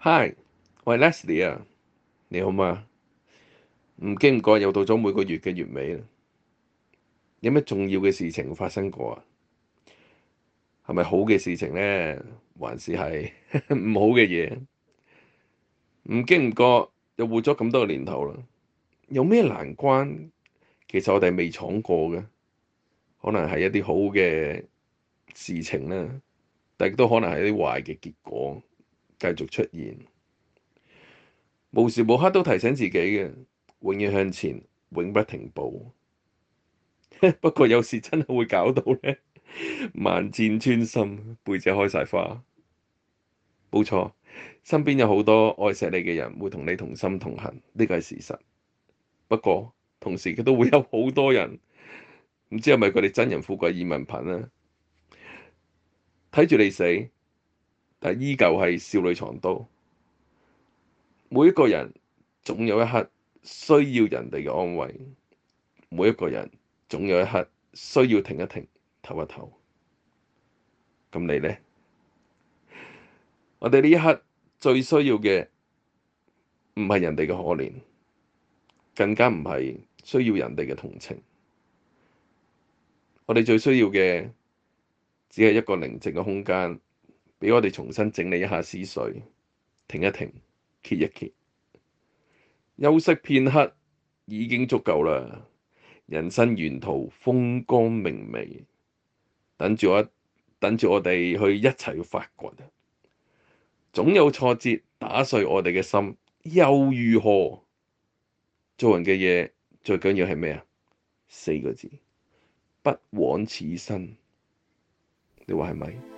Hi，我係 Leslie 啊，你好嘛？唔經唔覺又到咗每個月嘅月尾啦。有咩重要嘅事情發生過啊？係咪好嘅事情咧，還是係唔 好嘅嘢？唔經唔覺又活咗咁多年頭啦，有咩難關？其實我哋未闖過嘅，可能係一啲好嘅事情咧，但亦都可能係一啲壞嘅結果。繼續出現，無時無刻都提醒自己嘅，永遠向前，永不停步。 不過有時真係會搞到咧，萬箭穿心，背脊開晒花。冇錯，身邊有好多愛錫你嘅人，會同你同心同行，呢個係事實。不過同時佢都會有好多人，唔知係咪佢哋真人富貴以民貧咧，睇住你死。但依舊係少女藏刀，每一個人總有一刻需要人哋嘅安慰，每一個人總有一刻需要停一停、唞一唞。咁你呢？我哋呢一刻最需要嘅唔係人哋嘅可憐，更加唔係需要人哋嘅同情。我哋最需要嘅只係一個寧靜嘅空間。畀我哋重新整理一下思緒，停一停，歇一歇，休息片刻已經足夠啦。人生沿途風光明媚，等住我，等住我哋去一齊去發掘。總有挫折打碎我哋嘅心，又如何？做人嘅嘢最緊要係咩啊？四個字：不枉此生。你話係咪？